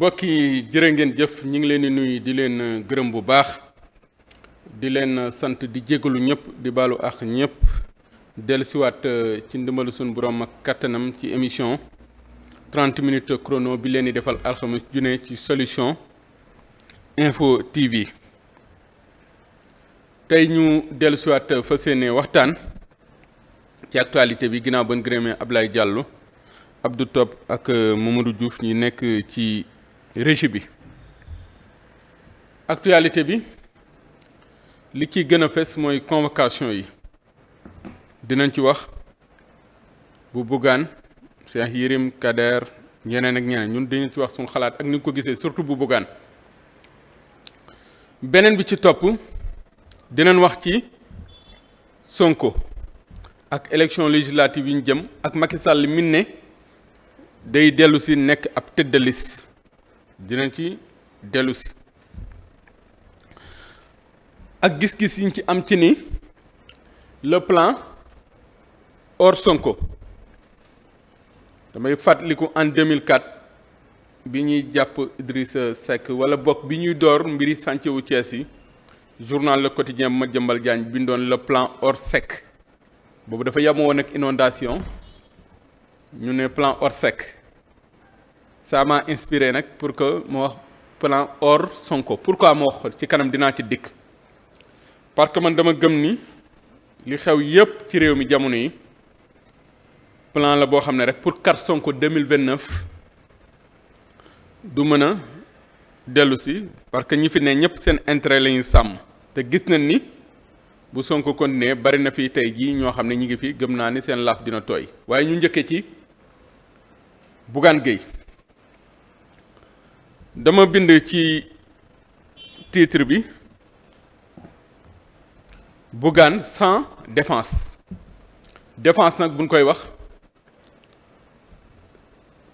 mbokk yi jërë ngeen jëf ñu ngi leen di nuyu di leen euh, gërëm bu baax di leen euh, sant di jégalu ñëpp di baalu ak ñëpp dellusiwaat euh, ci ndimbalu suñu borom ak kattanam ci émission trent minutes chrono bi leen di defal alxames junne ci solution info TV tey ñu dellusiwaat fa seen waxtaan ci actualité bi ginnaaw ban gërëmee Ablaye Diallo abdu Top ak Mamadou juuf ñi nekk ci régie bi actualité bi li ci gën a fes mooy convocation yi dinañ ci wax bu Bougane Cheikh Yérim Kader ñeneen ak ñeneen ñun dinañ ci wax suñu xalaat ak ni ñu ko gisee surtout bu Bougane beneen bi ci topp dinañ wax ci Sonko ak élection législative yiñ jëm ak Macky Sall mi ne day dellu si nekk ab tëddalis dinañ ci dellu ak gis-gis yiñ ci am ci ni le plan hors Sonko damay fàttaliku en 2004 bi ñuy jàpp Idrissa Seck wala bokk bi ñuy door mbiri sàncewu Thiès yi journal Le Quotidien Madiambal Diagne bindoon le plan hors boobu dafa yamoo woon ak inondation ñu ne plan hors ça m'a nag pour que ma wax plan hors Sonko pourquoi ma wax ci kanam dinaa ci dikk parce que man dama gëm ni li xew yépp ci réew mi jamono yi plan la boo xam ne rek pour kat Sonko 2029 du mën a dellu si parce que ñi fi ne ñëpp seen intérêt la sàmm te gis nañ ni bu Sonko continuer bari na fi tey jii ñoo xam ne ñi ngi fi gëm naa ni seen laaf dina tooy waaye ñu njëkkee ci Bougane Gueye dama bind ci tiitre bi Bougane sans défense défense nag buñ koy wax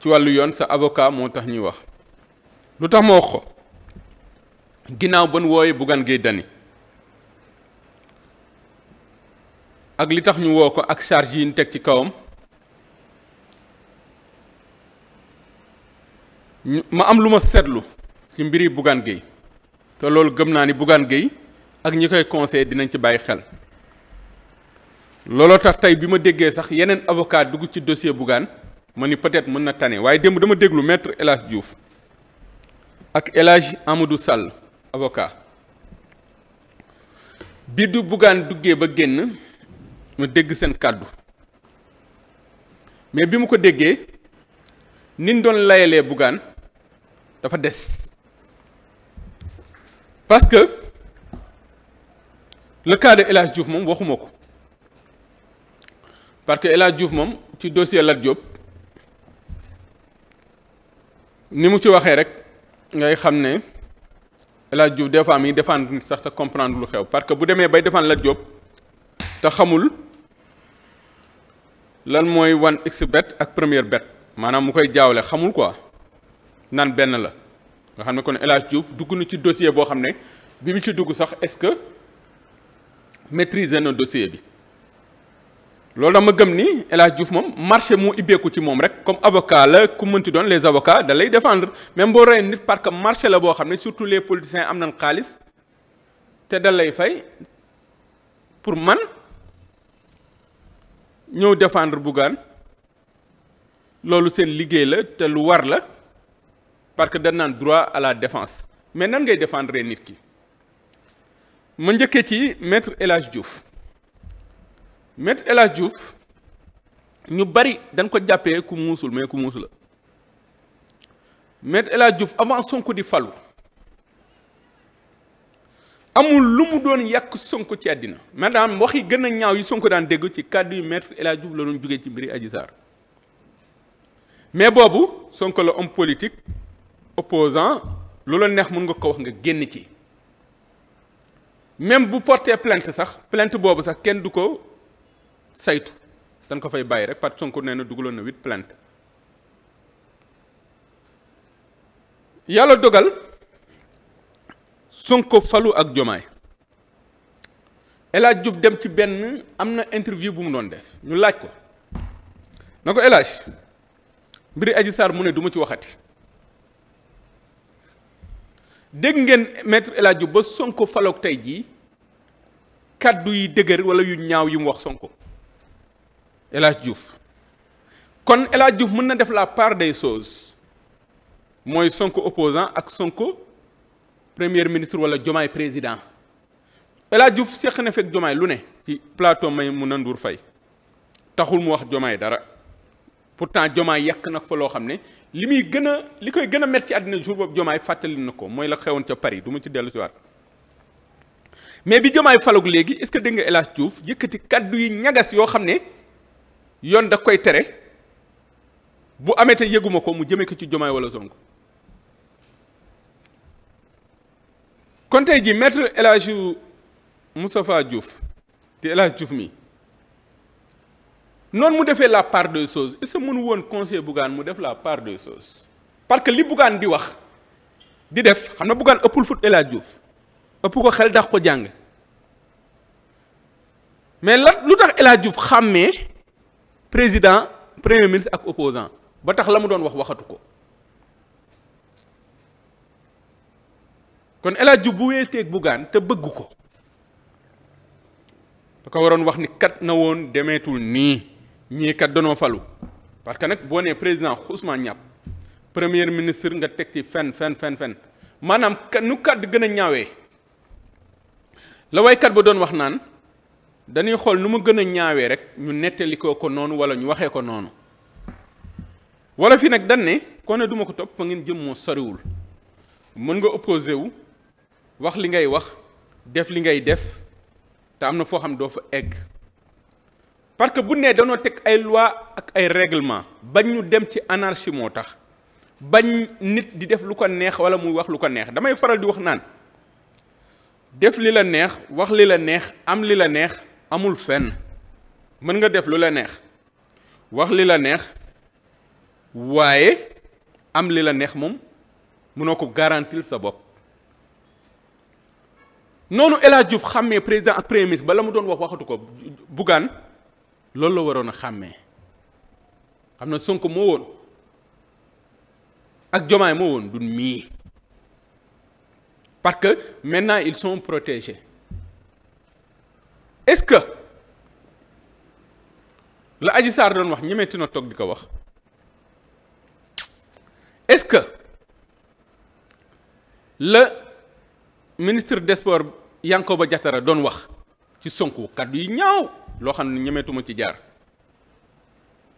ci wàllu yoon sa avocat moo tax ñuy wax lu tax ma wax ko ginnaaw ba nu wooyee Bougane Gueye Dany ak li tax ñu woo ko ak charge yi ñu teg ci kawam ma am lu ma seetlu ci mbiri Bougane Gueye te loolu gëm naa ni Bougane Gueye ak ñi koy conseillé dinañ ci bàyyi xel looloo tax tey bi ma déggee sax yeneen avocat dugg ci dossier Bougane ma ni peut-être mën na tane waaye démb dama déglu maître El Hadj ak El Hadj Amadou Sall avocat bi du Bougane duggee ba génn ma dégg seen kàddu mais bi mu ko déggee nin doon layalee Bougane dafa des parce que le cas de moom waxuma ko parce que El Hadj Diouf moom ci dossier Lat Diop ni mu ci waxee rek ngay xam ne El Hadj Diouf des fois miy défendre sax te comprendre lu xew parce que bu demee bay défendre Lat Diop te xamul lan mooy one x bet ak première bet maanaam mu koy jaawle xamul quoi. naan benn la nga xam ne kon El Hadj Diouf dugg na ci dossier boo xam ne bi mu ci dugg sax est-ce que maîtriser na dossier bi loolu dama gëm ni El Hadj Diouf moom marché moo ibbeeku ci moom rek comme avocat la ku mënti doon les avocats dalay lay défendre même boo rey nit parce que marché la boo xam ne surtout les politiciens am na xaalis te da lay fay pour man ñëw défendre Bougane loolu seen liggéey la te lu war la. parce que dañ naan droit à la défense mais nan ngay défendre nit ki ma njëkkee ci maître El jouf Diouf maître jouf ñu bari dañ ko jàppee ku muusul mais ku muusu la maître El Hadj Diouf avant sonk di falu amul lu mu doon yàq Sonko ci àddina maanaam wax yi gën a ñaaw yi Sonko daan dégg ci kàddu yu maître El Hadj Diouf la doon jógee ci mbiri Adji Sarr mais boobu sonk la homme politique opposant lu la neex mën nga ko wax nga génn ci même bu porté plainte sax plainte boobu sax kenn du ko saytu dañ ko fay bàyyi rek part que Sonko nee na dugaloon na huit plainte yàlla dogal Sonko falu ak Jomaay El Hadj Diouf dem ci benn am na interview bu mu doon def ñu laaj ko na ko El Hadj mbiri Adji mu ne duma ci waxati dégg ngeen maître El Hadj ba Sonko faloog tey jii kàddu yi dëgër wala yu ñaaw yu mu wax Sonko El Hadj Diouf kon El Hadj Diouf mën na def la part des choses mooy Sonko opposant ak Sonko premier ministre wala Diomaye président El Hadj Diouf seq na fekk Diomaye lu ne ci plateau may mu nanduur fay taxul mu wax Diomaye dara pourtant jomaay yàq nag fa loo xam ne li muy gën a li koy gën a métti ci àddina jour boobu jomaay fàttali na ko mooy la xewoon ca Paris duma ma ci dellu si waat mais bi jomaay faloog léegi est-ce que dégg nga El Hadj Diouf yëkkati kaddu yi ñagas yoo xam ne yoon da koy tere bu amee te yëguma ko mu jëmee ko ci jomaay wala Sonko kon tey ji maître El Hadj Moustapha Diouf te El Hadj Diouf mi noonu mu defee la part des choses est-ce que mënu woon conseil Bougane mu def la part de choses parce que li Bougane di wax di def xam na Bougane ëppul fut El Hadj Diouf ëpp ko xel dax ko jàng mais la lu tax El Hadj xàmmee président premier ministre ak opposant ba tax la mu doon wax waxatu ko kon El Hadj Diouf bu weeteeg Bougane te bëgg ko da ko waroon wax ni kat na woon demeetul nii ñii kat danoo falu parce que nag boo nee président Ousmane ñàpp première ministre nga teg ci fen fen fen fen ka nu kàddu gën a ñaawee la waykat ba doon wax naan danuy xool nu ma gën a ñaawee rek ñu nettali ko ko noonu wala ñu waxee ko noonu wala fi nag dan kon ne duma ko topp fa ngeen jëm moo soriwul mën nga opposé wu wax li ngay wax def li ngay def te am na foo xam doo fa egg parce que bu nee danoo teg ay loi ak ay réglement bañ ñu dem ci anarchie moo tax bañ nit di def lu ko neex wala muy wax lu ko neex damay faral di wax naan def li la neex wax li la neex am li la neex amul fenn mën nga def lu la neex wax li la neex waaye am li la neex moom mënoo ko garantil sa bopp noonu El Hadj Diouf xàmmee président ak premier bala mu doon wax waxatu ko Bougane loolu la waroon a xàmmee xam na Sonko moo woon ak Jomaay moo woon dun mii parce que maintenant ils sont protégés est-ce que la Adji Sarr doon wax ñemeeti na toog di ko wax est-ce que la ministre des sports ba Diattara doon wax ci Sonko kàddu yi ñaaw loo xam ne ñemeetuma ci jaar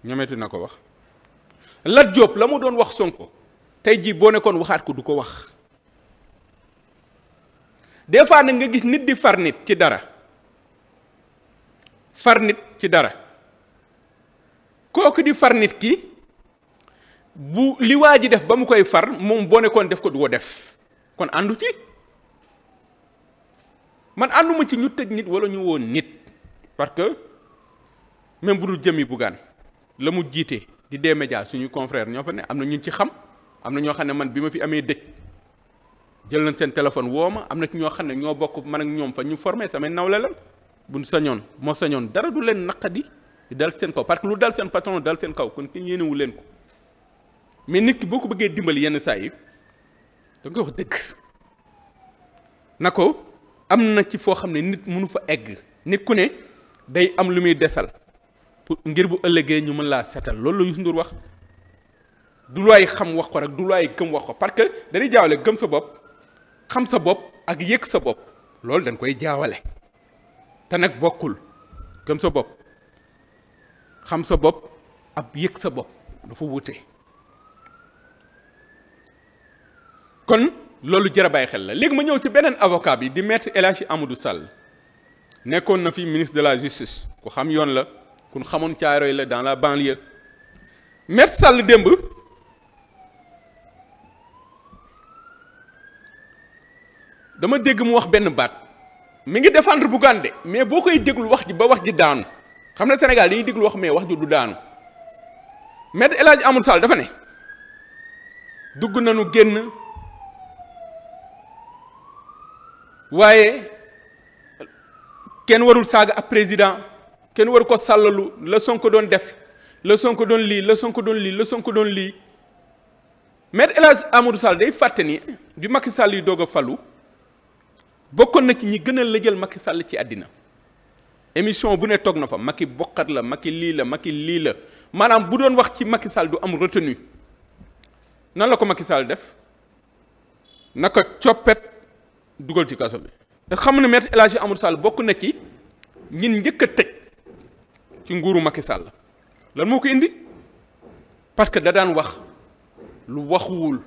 ñemeetu na ko wax Lat Diop la mu doon wax sonk tey jii boo nekkoon waxaat ko du ko wax des fois nag nga gis nit di far nit ci dara far nit ci dara kooku di far ki bu li waa ji def ba mu koy far moom boo nekkoon def ko du ko def kon àndu ci man ànduma ci ñu tëj nit wala ñu woon nit parce que même bu dul jëmi Bougane la mu jiite di dee médias suñu confrère ñoo fa ne am na ñu ci xam am na ñoo xam ne man bi ma fi amee dëj jël nañ seen téléphone woo ma am na ci ñoo xam ne ñoo bokk man ak ñoom fa ñu formé samay nawle lan buñ sañoon moo sañoon dara du leen naqadi di seen kaw parce que lu dal seen patron dal seen kaw kon ki yéenewu leen ko mais nit ki boo ko bëggee dimbali yenn saa yi da wax dëgg na ko am na ci foo xam ne nit mënu fa egg nit ku ne. day am lu muy desal ngir bu ëllëgee ñu mën laa setal loolu la Youssou wax du looy xam wax ko rek du looy gëm wax ko parce que dañuy jaawale gëm sa bopp xam sa bopp ak yëg sa bopp loolu dañ koy jaawale te nag bokkul gëm sa bopp xam sa bopp ab yëg sa bopp dafa wute kon loolu jar a bàyyi xel la léegi ma ñëw ci beneen avocat bi di maître El Hadji Amadou Sall nekkoon na fi ministre de la justice ku xam yoon la kun xamoon caaroy la dans la banlieue Maître Sall démb dama dégg mu wax benn baat mu ngi défendre Bougane de mais boo koy déglu wax ji ba wax ji daanu xam ne Sénégal dañuy déglu wax mais wax ju du daanu Maître El amul Amadou dafa ne dugg nañu génn waaye kenn warul saaga ab président kenn waru ko sàllalu la Sonko doon def la Sonko doon lii la Sonko doon lii la Sonko doon lii maître El Hadj Amadou fàtte ni bi Macky Sall yi doog a falu bokkoon na ki ñi gën a lëjal Macky sàll ci àddina émission bu ne toog na fa Macky bokkat la Macky lii la Macky lii la maanaam bu doon wax ci Macky sàll du am retenu nan la ko Macky sàll def naka coppet dugal ci kaso bi nga xam na maître El Hadj Amadou Sall bokk na ci ñin njëkk a tëj ci nguuru Macky Sall lan moo ko indi parce que da daan wax lu waxuwul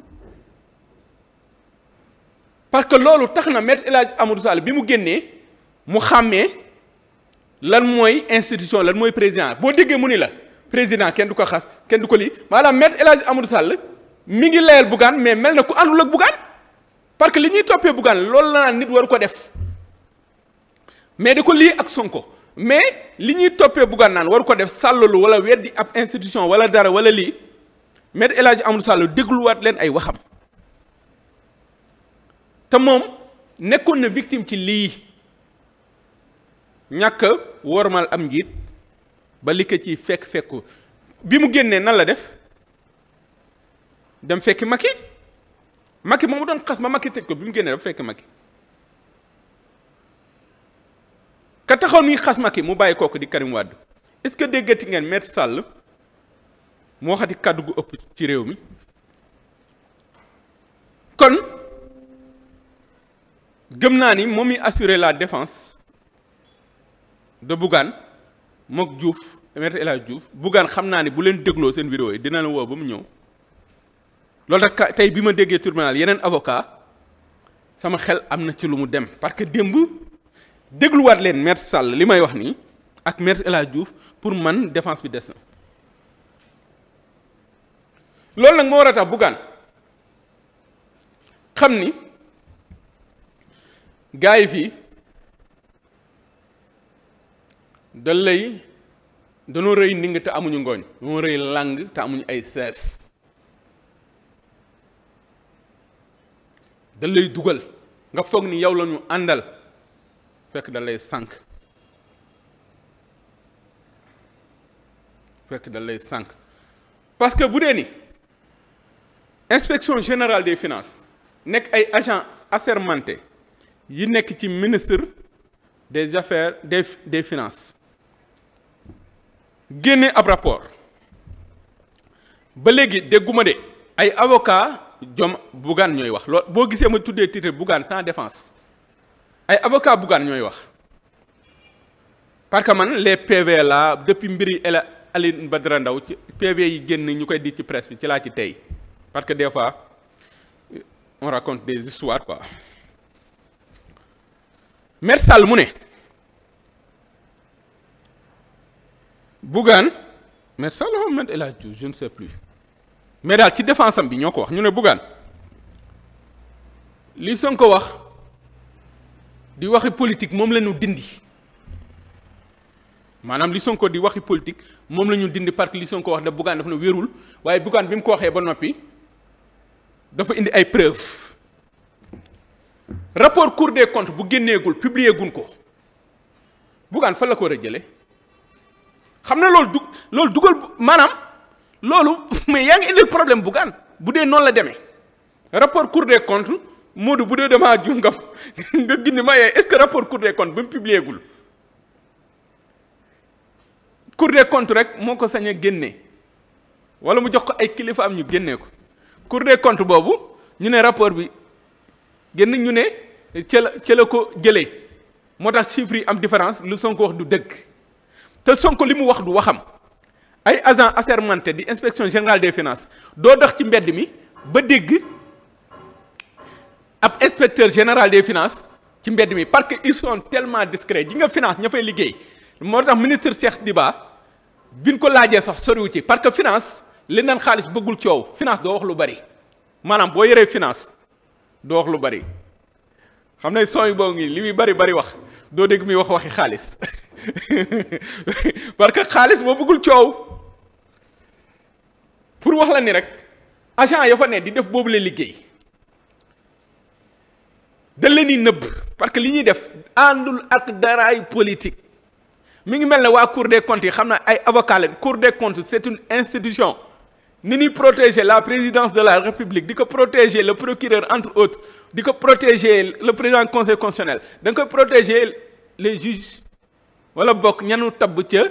parce que loolu tax na maître El Hadj Amadou Sall bi mu génnee mu xàmmee lan mooy institution lan mooy président boo déggee mu ni la président kenn du ko xas kenn du ko lii maanaam maître El Hadj Amadou Sall mi ngi layal Bougane mais mel na ku àndul ak Bougane parce que li ñuy toppee Bougane loolu la naan nit waru ko def mais di ko lii ak Sonko mais li ñuy toppee Bougane naan waru ko def sàllalu wala weddi ab institution wala dara wala lii maître El Hadji Amadou Sall dégluwaat leen ay waxam te moom nekkoon na victime ci lii ñàkk wormal am njiit ba li ko ci fekk fekku bi mu génnee nan la def dem fekki Macky Macky moom mu doon xas ma Macky tëj ko bi mu génnee dafa fekk Macky ka taxaw ni xas Macky mu bàyyi kooku di Karim Wade est-ce que déggati ngeen maître Sall mu waxati kàddu gu ëpp ci réew mi kon gëm naa ni moom mi assurer la defence de Bougane mook Diouf maître El Hadj Diouf Bougane xam naa ni bu leen dégloo seen vidéo yi dina la woo ba mu ñëw loolu rek tey bi ma déggee tribunal yeneen avocat sama xel am na ci lu mu dem parce que démb dégluwaat leen maître Sall li may wax nii ak maître El Hadj pour man défense bi des na loolu nag moo war xam ni gars yi fii da danoo rëy nding te amuñu ngooñ danoo rëy làng te amuñu ay sees da lay dugal nga foog ni yow lañu àndal fekk da lay sànq fekk da lay sànq parce que bu dee ni inspection générale des finances nekk ay agents assermentés yi nekk ci ministre des affaires des des finances génne ab rapport ba léegi dégguma de ay avocats. jom Bougane ñooy wax lool boo gisee ma tuddee titre Bougane sans défense ay avocat Bougane ñooy wax parce que man les PV la depuis mbiri El Aline Badara Ndaw ci PV yi génn ñu koy di ci presse bi ci laa ci tey parce que des fois on raconte des histoires quoi Maître mu ne Bougane Maître Sall Ahmed El Hadj je ne sais plus mais daal ci défense bi ñoo ko wax ñu ne Bougane li ko wax di waxi politique moom lañu ñu dindi maanaam li Sonko di waxi politique moom la ñu dindi parce li li ko wax da Bougane dafa na wérul waaye Bougane bi mu ko waxee ba noppi dafa indi ay preuves rapport Cour de comptes bu génneegul publier ko Bougane fan la ko war a jële xam na loolu du loolu dugal maanaam. loolu mais yaa ngi indil problème bu gaan bu dee noonu la demee rapport cour des comptes Modou bu dee damaa jum nga nga gindi ma yaay est-ce que rapport cour des comptes ba mu publié gul cour des comptes rek moo ko sañ génnee génne wala mu jox ko ay kilifa am ñu génnee ko cour des comptes boobu ñu ne rapport bi génn ñu ne ca la ca la ko jëlee moo tax chiffres yi am différence lu Sonko wax du dëgg te Sonko li mu wax du waxam. ay agent assermenté di inspection générale des finance doo dox ci mbedd mi ba dégg ab inspecteur général des finances ci mbedd mi parce que ils sont tellement discrets ji nga finance ña fay liggéey moo tax ministre Cheikh Diba biñ ko laajee sax soriwu ci parce que finance li naan xaalis bëggul coow finance doo wax lu bari maanaam boo yoree finance doo wax lu bari xam ne son boo boobu ngi li muy bari bari wax doo dégg muy wax waxi xaalis parce que xaalis moo bëggul coow pour wax la ni rek agent ya fa ne di def boobu la liggéey da leen di nëbb parce que li ñuy def àndul ak daraay politique mi ngi mel ne waa cour des comptes yi xam na ay avocat leen cour des comptes c'est une institution ni nuy protéger la présidence de la république di ko protéger le procureur entre autres di ko protéger le président conseil constitutionnel da nga koy protéger les juges wala bokk ñanu tabb ca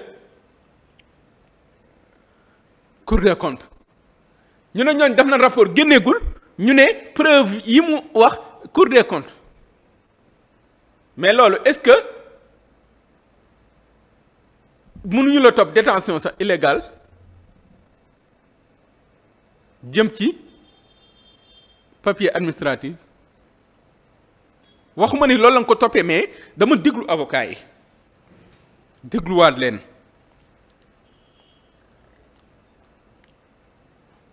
Cour des comptes ñu ne ñooñ def na rapport génneegul ñu ne preuve yi mu wax Cour des comptes mais loolu est-ce que mënuñu la topp détention sax illégale jëm ci papier administratif waxuma ni loolu la nga ko toppee mais dama diglu avocat yi dégluwaat leen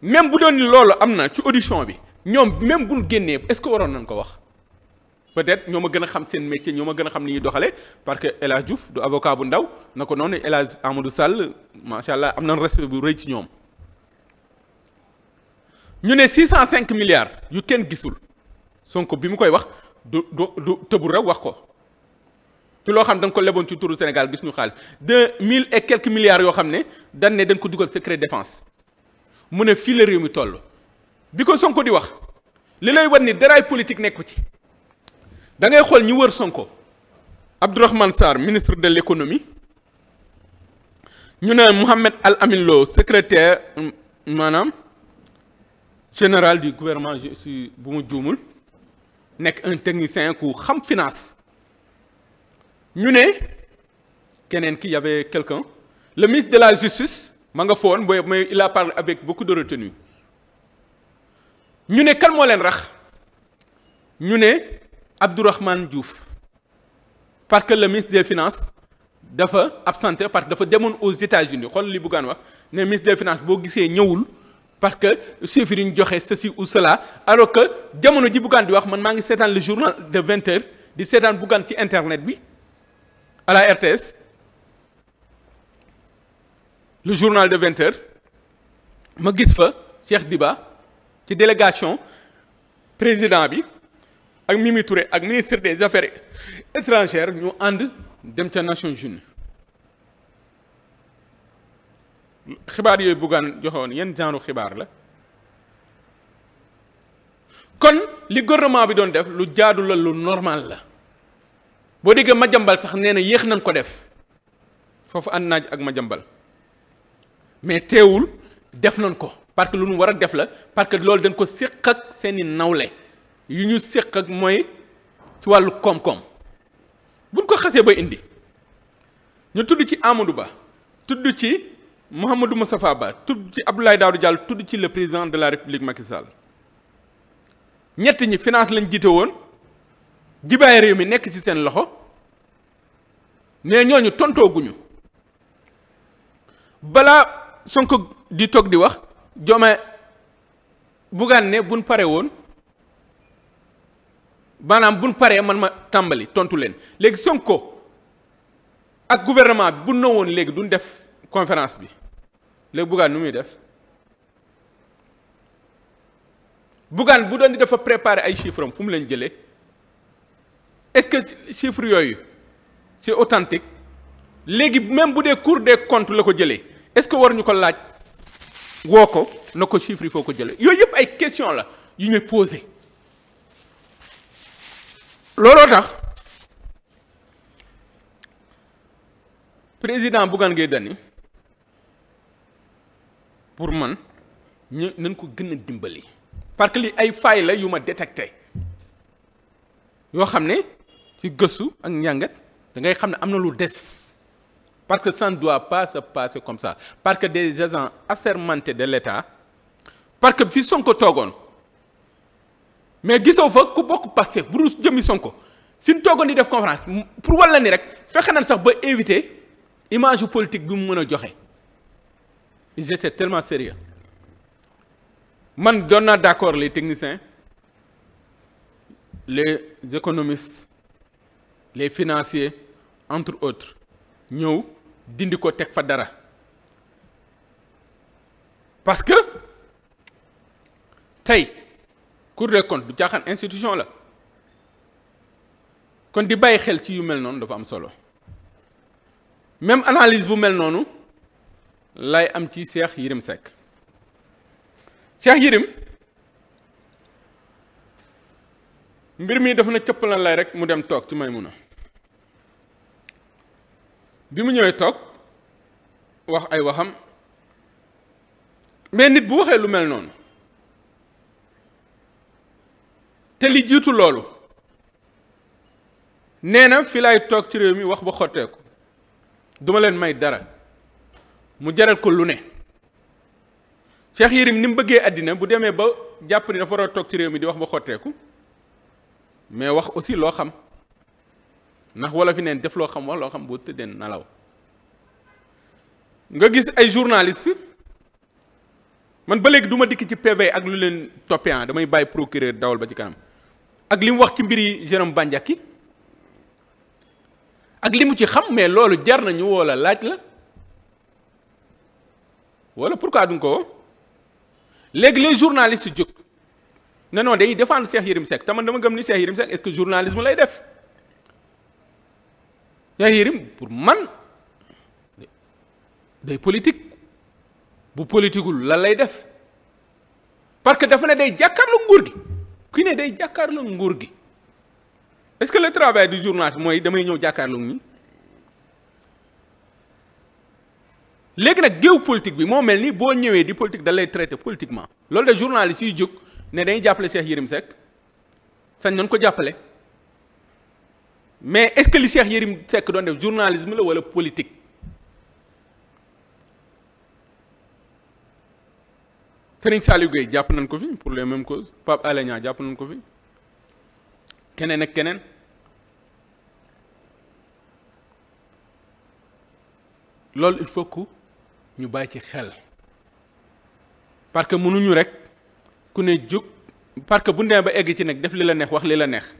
même bu doon loolu am na ci audition bi ñoom même buñ génnee est-ce que waroon nañ ko wax peut-être ñoo ma gën a xam seen métier ñoo ma gën a xam ni ñuy doxalee parce que El Hadj Diouf du avocat bu ndaw na ko noonu El Hadj Amadou Sall macha allah am nañ respect bu rëy ci ñoom. ñu ne 605 milliards yu kenn gisul sonk bi mu koy wax du du du tëbul rek wax ko te loo xam da nga ko leboon ci turu Sénégal gis ñu xaalis deux mille et quelques milliards yoo xam ne dañ ne dañ ko dugal secret défense mu ne fii la réew mi toll bi ko Sonko di wax li lay wan ni déraille politique nekku ci da ngay xool ñi wër Sonko Abdourahmane Sarr ministre de l'économie ñu ne Mohamed Al Amin secretaire maanaam général du gouvernement je suis bu mu juumul nekk un technicien ku xam finance ñu ne keneen ki y avait quelqu'un le ministre de la justice ma nga foon booy mais il a parlé avec beaucoup de retenue ñu ne kan moo leen rax ñu ne Abdourahmane Diouf parce que le ministre des finances dafa absenté parce que dafa demoon aux États-Unis xool li Bougane wax ne ministre des finances boo gisee ñëwul parce que chef yi ñu joxe ceci ou cela alors que jamono ji Bougane di wax man maa ngi seetaan le journal de vingt heures di seetaan Bougane ci internet bi à la RTS le journal de 20 ma gis fa Cheikh Diba ci délégation président bi ak Mimi Touré ak ministre des affaires étrangères ñu ànd dem ca Nations Unies xibaar yooyu buggaan joxe woon yenn genre xibaar la kon li gouvernement bi doon def lu jaadu la lu normal la boo déggee ma jambal sax nee na yéex nañ ko def foofu ànd naaj ak ma jambal mais teewul def nañ ko parce que lu nu war a def la parce que loolu dañ ko séq ak seeni nawle yu ñu séq ak mooy ci wàllu koom-koom buñ ko xasee ba indi ñu tudd ci Amadou Ba tudd ci Mouhamadou Moustapha Ba tudd ci Abdoulaye Daouda Diallo tudd ci le président de la République Macky Sall ñett ñi finance lañ jiite woon jibaay réew mi nekk ci seen loxo mais ñooñu tontooguñu balaa sonk di toog di wax Diomaye Bougane ne buñ paree woon maanaam buñ paree man ma tàmbali tontu leen léegi Sonko ak gouvernement bu na woon léegi duñ def conférence bi léegi Bougane nu muy def Bougane bu doon di dafa préparer ay chiffres am fu mu leen jëlee est-ce que chiffre yooyu c'est authentique léegi même bu dee Cour de comptes la ko jëlee est-ce que war ñu ko laaj woo ko na ko chiffre yi foo ko jëlee yooyu yëpp ay question la yu ñuy pose looloo tax président Bougane Gueye Dany pour man ñu nañ ko gën dimbali parce que li ay failles la yu ma détecté yoo xam ne ci gëstu ak njàngat da ngay xam ne am na lu des parce que ça ne doit pas se comme ça parce que des agents assermentés de l'État parce que fi Sonko toogoon mais gisoo fa ku bokk Pastef bu dul jëmmi Sonko fi mu toogoon di def conférence pour walla ni rek fexe nañ sax ba éviter image politique bi mu mën a joxe ils étaient tellement sérieux man doon naa d'accord les techniciens les économistes les financier entre autres ñëw dindi ko teg fa dara parce que tey Cour des comptes du caaxaan institution la kon di bàyyi xel ci yu mel noonu dafa am solo même analyse bu mel noonu lay am ci Cheikh Yérim Seck Cheikh Yérim mbir mi dafa na cëppalan lay rek mu dem toog ci Maymuna bi mu ñëwee toog wax ay waxam mais nit bu waxee lu mel noonu te li jiitu loolu nee na fi laay toog ci réew mi wax ba xotteeku duma leen may dara mu jaral ko lu ne Cheikh Yérim ni mu bëggee àddina bu demee ba jàpp ni dafa war a toog ci réew mi di wax ba xotteeku mais wax aussi loo xam ndax wala fi neen def loo xam wax loo xam boo tëddee nalaw nga gis ay journaliste man ba léegi du ma dikk ci PV ak lu leen toppee ah damay bàyyi procureur dawal ba ci kanam ak li mu wax ci mbir mbiri Jérôme Bandiaky ak li mu ci xam mais loolu jar nañu woo la laaj la wala pourquoi duñ ko léegi les journalistes jóg ne non day défendre Cheikh Yérim Seck te man dama gëm ni Cheikh Yérim Seck est-ce que journalisme lay def. yaa yérim pour man day politique bu politiqueul lan lay def parce que dafa ne day jàkkaarloo nguur gi ki ne day jàkkaarloo nguur gi est-ce que le travail du journaliste mooy damay ñëw jàkkaarloo ñi léegi nag géew politique bi moo mel ni boo ñëwee di politique da lay traité politiquement loolu de journaliste yi jóg ne dañuy jàppale seex Yérim Seck sañ nañ ko jàppale mais est-ce que li Cheikh Yérim Seck doon def journalisme la walla politique Serigne Saliou jàpp nañ ko fi pour les mêmes causes Pape Alé jàpp nañ ko fi keneen ak keneen loolu il faut que ñu bàyyi ci xel parce que mënuñu rek ku ne jóg parce que bu ndee ba egg ci nag def li la neex wax li la neex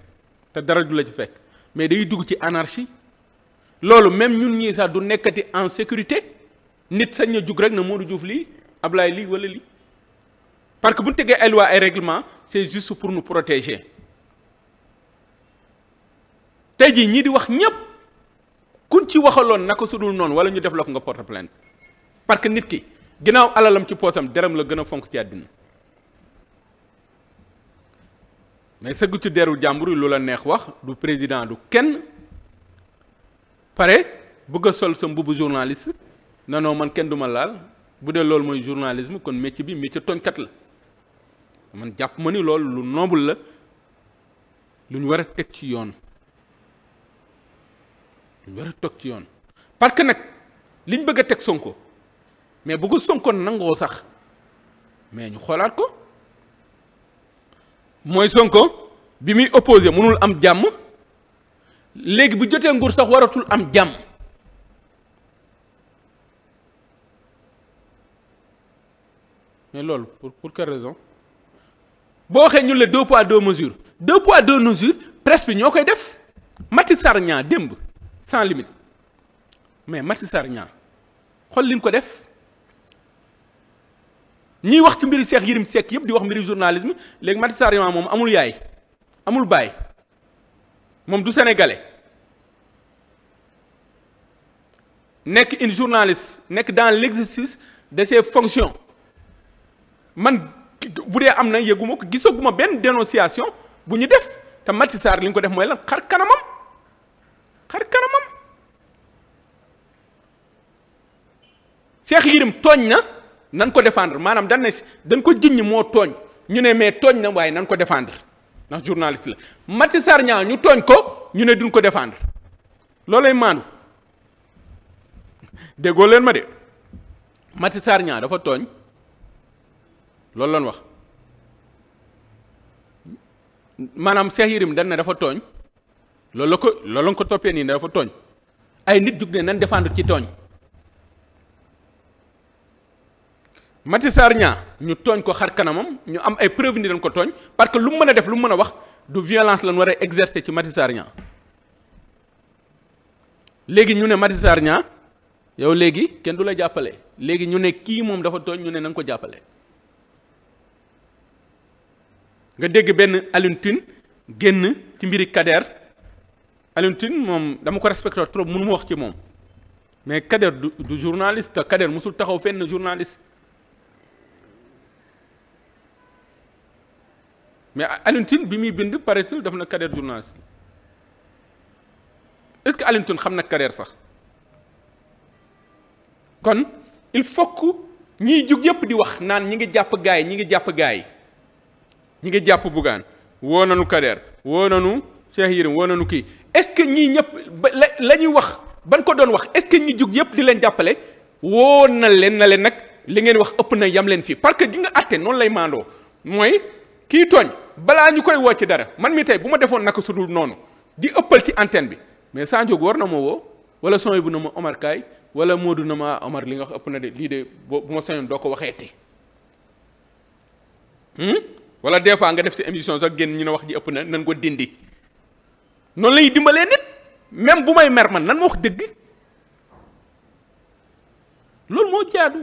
te dara du la ci fekk mais day dugg ci anarchie loolu même ñun ñi saa du nekkati en sécurité nit sañ na jug rek na moo du Diouf lii Ablaye lii wala lii parce que bu ñu tegee ay loi ay règlement c'est juste pour nu protéger tey jii ñii di wax ñépp kuñ ci waxaloon naka sudul noonu wala ñu def la ko nga porte plainte parce que nit ki ginnaaw alalam ci poosam deram la gën a fonk ci àddina mais sëgg ci deru jàmbur yi lu la neex wax du président du kenn pare bëgg a sol sa mbubu journaliste nanoo man kenn duma laal bu dee loolu mooy journalisme kon métier bi métier tooñkat la man jàpp ma ni loolu lu noble la lu ñu war a teg ci yoon lu ñu war a toog ci yoon parce que nag liñ bëgg a teg Sonko mais bu ko Sonko nangoo sax mais ñu xoolaat ko mooy Sonko bi muy opposé mënul am jàmm léegi bu jotee nguur sox waratul am jàmm mais loolu pour pour quelle raison boo waxee ñu le deux poids deux mesures deux poids deux mesures presse bi ñoo koy def mati Sarr Niang démb sans limite mais Maty Sarr Niang xool lim ko def ñiy wax ci mbiri Cheikh Yérim Seck yëpp di wax mbiri journalisme léegi Maty Sarr Niang moom amul yaay amul baay moom du sénégalais nekk une journaliste nekk dans l'exercice de ses fonctions man bu dee am na yëguma ko gisaguma benn dénonciation bu ñu def te Maty Sarr li ñu ko def mooy la xar kanamam xar kanamam Cheikh Yérim tooñ na nan ko défendre maanaam dañ ne dañ ko jiñ moo tooñ ñu ne mais tooñ na waaye nan ko défendre ndax journaliste la Maty Sarr Niang ñu tooñ ko ñu ne duñ ko défendre loolay maandu déggoo leen ma de Maty dafa tooñ loolu lañ wax maanaam Cheikh Yérim dañ ne dafa tooñ loolu la ko loolu la ko toppee nii ne dafa tooñ ay nit jug ne nan défendre ci tooñ Mati Sarr ñaa ñu tooñ ko xar kanamam ñu am ay preuve ni ko tooñ parce que lu mu mën a def lu mu mën a wax du violence lañ war a exercer ci Mati ñaa léegi ñu ne Mati Sarr ñaa yow léegi kenn du la jàppale léegi ñu ne kii moom dafa tooñ ñu ne na ko jàppale. nga dégg benn Alioune génn ci mbiri Kader Alioune Tine moom dama ko respecté trop mënu mu wax ci moom mais Kader du du journaliste Kader mosul taxaw fenn journaliste. mais Alioune Tine bi muy bind paraît-il na carrière journaliste est-ce que Alioune xam na carrière sax kon il faut que ñiy jug yëpp di wax naan ñi ngi jàpp gaay ñi ngi jàpp gaay ngi jàpp Bougane woo nanu carrière woo nanu Cheikh Yérim woo nanu kii est-ce que ñii ñëpp la la ñuy wax ban ko doon wax est-ce que ñi jug yëpp di leen jàppale woo na leen na leen nag li ngeen wax ëpp na yam leen fii parce que di nga àtte noonu lay maandoo mooy kii tooñ balaa ñu koy woo ci dara man mi tey bu ma defoon naka sudul noonu di ëppal ci antenne bi mais Sa Ndiogou war na ma woo wala sony bu na ma Omar Kaay wala Modou na ma Omar li nga wax ëpp na de lii de boo bu ma sañoon doo ko waxeeti hmm? wala des fois nga def si émission sax génn ñu ne wax ji ëpp na nan ko dindi noonu la ñuy dimbalee nit même bu may mer man nan ma wax dëgg loolu moo jaadu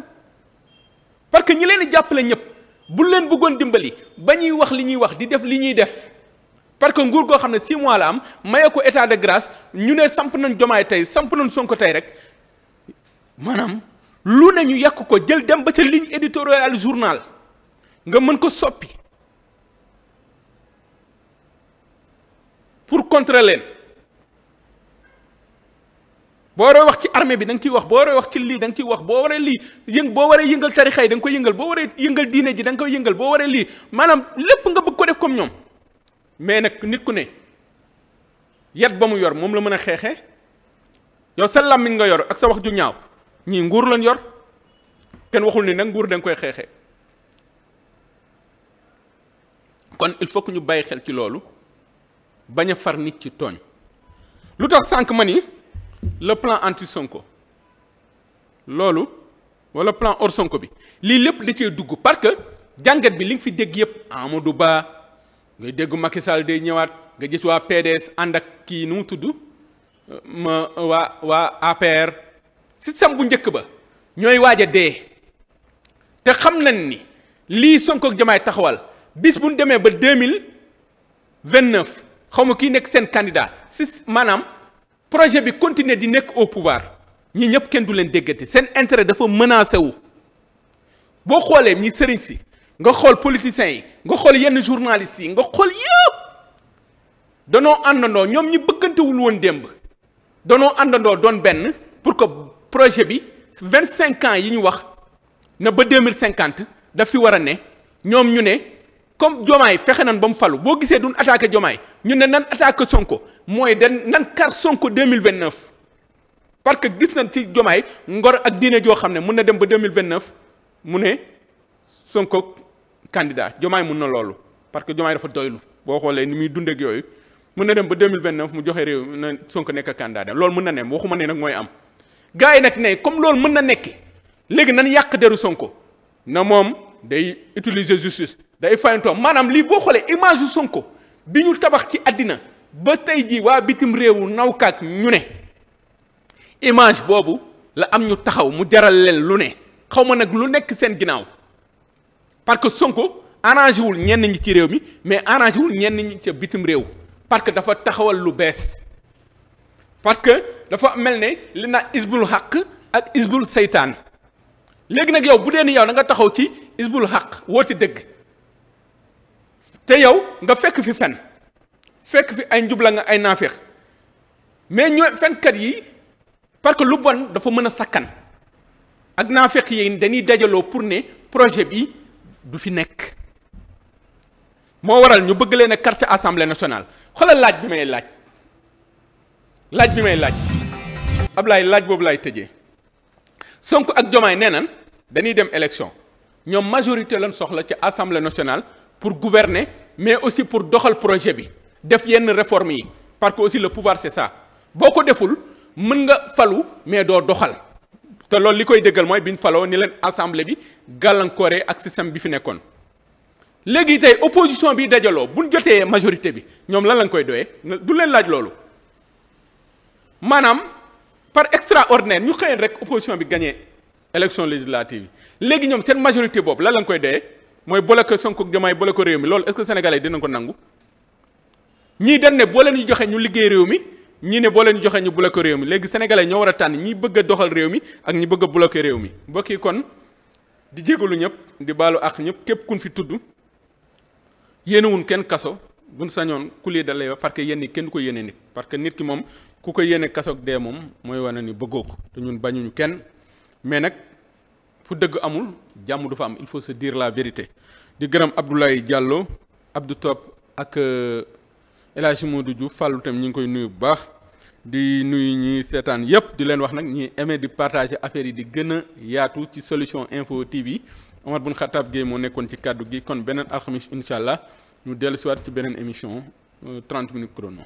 parce que ñi leen di jàppale ñëpp. bul leen bëggoon dimbali ba ñuy wax li ñuy wax di def li ñuy def parce que nguur goo xam ne six mois la am maye ko état de grâce ñu ne samp nañ jomaay tey samp nañ Sonko tey rek maanaam lu ne ñu yàq ko jël dem ba ca ligne éditoriale journal nga mën ko soppi pour contrer leen. boo waree wax ci armée bi da nga ciy wax boo waree wax ci lii da nga ciy boo waree lii yëng boo waree yëngal tarixa yi da nga koy yëngal boo waree yëngal diine ji da nga koy yëngal boo waree lii maanaam lépp nga bëgg ko def comme ñoom mais nag nit ku ne yat ba mu yor moom la mën a xeexee yow sa làmmiñ nga yor ak sa wax ju ñaaw ñii nguur lañ yor kenn waxul ni nag nguur da koy xeexee kon il faut que ñu bàyyi xel ci loolu bañ a far nit ci tooñ lu tax sànq ma ni le plan anti Sonko loolu wala plan or Sonko bi lii lépp da cee dugg parce que jàngat bi li nga fi dégg yëpp du baa ngay dégg Macky Sall day ñëwaat nga gis waa PDS ànd ak kii nu mu tudd ma waa waa APR système bu njëkk ba ñooy waaj a dee te xam nañ ni lii Sonko ak Diomaye taxawal bis bu ñu demee ba deux mille vingt neuf xaw ma kii nekk seen candidat si maanaam projet bi continuer di nekk au pouvoir ñii ñëpp kenn du leen déggante seen intérêt dafa menacé wu boo xoolee ñi sëriñ si nga xool politiciens yi nga xool yenn journalistes yi nga xool yëpp danoo àndandoo ñoom ñi bëggantewul woon démb danoo àndandoo doon benn pour que projet bi vingt cinq ans yi ñu wax na ba deux mille cinquante daf war a ne ñoom ñu ne comme Diomaye fexe nan ba mu falu boo gisee duñ attaqué Diomaye ñu ne nan attaqué Sonko mooy den nan kar Sonko 2029 parce que gis nañ ci Diomaye ngor ak diine joo xam ne mun na dem ba 2029 mu ne Sonko candidat Diomaye mun na loolu parce que Diomaye dafa doylu boo xoolee ni muy dundeek yooyu mun na dem ba 2029 mu joxe réew na Sonko nekk candidat dem loolu mën na ne waxuma ne nag mooy am gars yi nag ne comme loolu mën na nekke léegi nan yàq deru Sonko na moom day utiliser justice day fayantoo maanaam lii boo xoolee image yu Sonko bi ñu tabax ci àddina ba tey ji waa bitim réewu nawkaak ñu ne image boobu la am ñu taxaw mu jaral leen lu ne xaw ma nag lu nekk seen ginnaaw parce que Sonko arrangé wul ñenn ñi ci réew mi mais arrangé wul ñenn ñi ca bitim réew parce que dafa taxawal lu bees parce que dafa mel ne li naan isbul xaq ak isbul seytaan léegi nag yow bu dee ni yow da nga taxaw ci isbul xaq woo ci dëgg. te yow nga fekk fi fen fekk fi ay njubla nga ay naafeex mais ñoo fenkat yi parce que lu bon dafa mën a sakkan ak naafeex yi dañuy dajaloo pour ne projet bi du fi nekk moo waral ñu bëgg leen a carte assemblée nationale xoolal laaj bi may laaj laaj bi may laaj Ablaye laaj boobu laay tëjee sonk ak Jomaay nee nan dañuy dem élection ñoom majorité lan soxla ci assemblée nationale pour gouverner mais aussi pour doxal projet bi def yenn réforme yi parce que aussi le pouvoir c'est ça boo ko deful mën nga falu mais doo doxal te loolu li koy dëggal mooy bi ñu faloo ni leen assemblée bi gàllankoore ak système bi fi nekkoon léegi tey opposition bi dajaloo bu jotee majorité bi ñoom lan lañ koy doyee du leen laaj loolu maanaam par extraordinaire ñu xëyeen rek opposition bi gagné élection législative yi léegi ñoom seen majorité boobu lan lañ koy doyee mooy bloqué Sonko ak Diomaye bloqué réew mi loolu est-ce que sénégalais dinañ ko nangu ñii dañ ne boo leen ñu joxe ñu liggéey réew mi ñii ne boo leen joxe ñu bloqué réew mi léegi sénégalais ñoo war tànn ñi bëgg doxal réew mi ak ñi bëgg a réew mi mbokk yi kon di jégalu ñëpp di baalu ak ñëpp képp kun fi tudd yéenewun kenn kaso buñ sañoon ku lii dalay wax parce que yéen kenn du ko yéene nit parce que nit ki moom ku ko yéene kasoog dee moom mooy na ni bëggoo ko te ñun bañuñu kenn mais nag fu dëgg amul jàmm du fa am il faut se dire la vérité di gërëm Abdoulaye jàlloo abdu Top ak euh, El Hadj Modou Diouf Fallou tam ñu ngi koy nuyu bu baax di nuyu ñuy seetaan yépp di leen wax nag ñi aimé di partager affaire yi di gën a yaatu ci solution info TV Omar Bun Xataab Gueye moo nekkoon ci kàddu gi kon beneen alxamis incha allah ñu dellu siwaat ci beneen émission 30 euh, minutes chrono.